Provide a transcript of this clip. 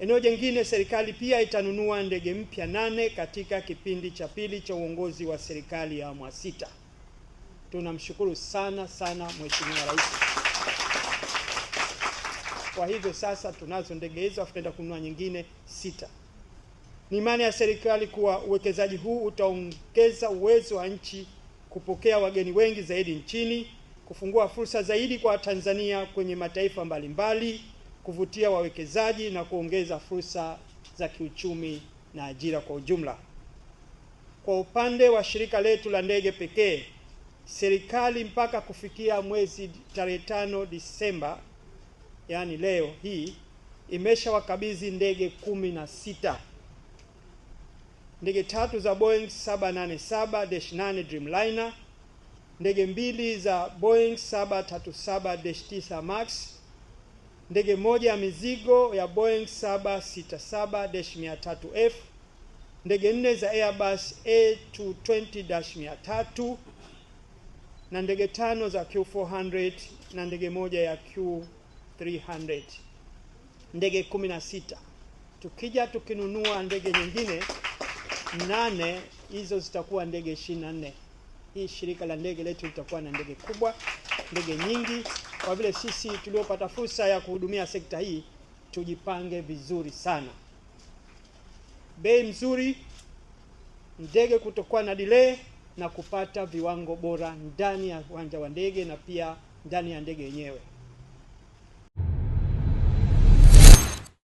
Eneo jingine, serikali pia itanunua ndege mpya nane katika kipindi cha pili cha uongozi wa serikali ya awamu ya sita. Tunamshukuru sana sana Mheshimiwa Rais. Kwa hivyo sasa tunazo ndege hizo, afu tutaenda kununua nyingine sita. Ni imani ya serikali kuwa uwekezaji huu utaongeza uwezo wa nchi kupokea wageni wengi zaidi nchini, kufungua fursa zaidi kwa Tanzania kwenye mataifa mbalimbali mbali, kuvutia wawekezaji na kuongeza fursa za kiuchumi na ajira kwa ujumla. Kwa upande wa shirika letu la ndege pekee, serikali mpaka kufikia mwezi tarehe tano Disemba, yaani leo hii, imeshawakabidhi ndege kumi na sita ndege tatu za Boeing 787-8 Dreamliner, ndege mbili za Boeing 737-9 Max ndege moja ya mizigo ya Boeing 767-300F, ndege nne za Airbus A220-300 na ndege tano za Q400 na ndege moja ya Q300, ndege 16. Tukija tukinunua ndege nyingine nane, hizo zitakuwa ndege 24. Hii shirika la ndege letu litakuwa na ndege kubwa, ndege nyingi. Kwa vile sisi tuliopata fursa ya kuhudumia sekta hii tujipange vizuri sana. Bei mzuri, ndege kutokuwa na delay na kupata viwango bora ndani ya uwanja wa ndege na pia ndani ya ndege yenyewe.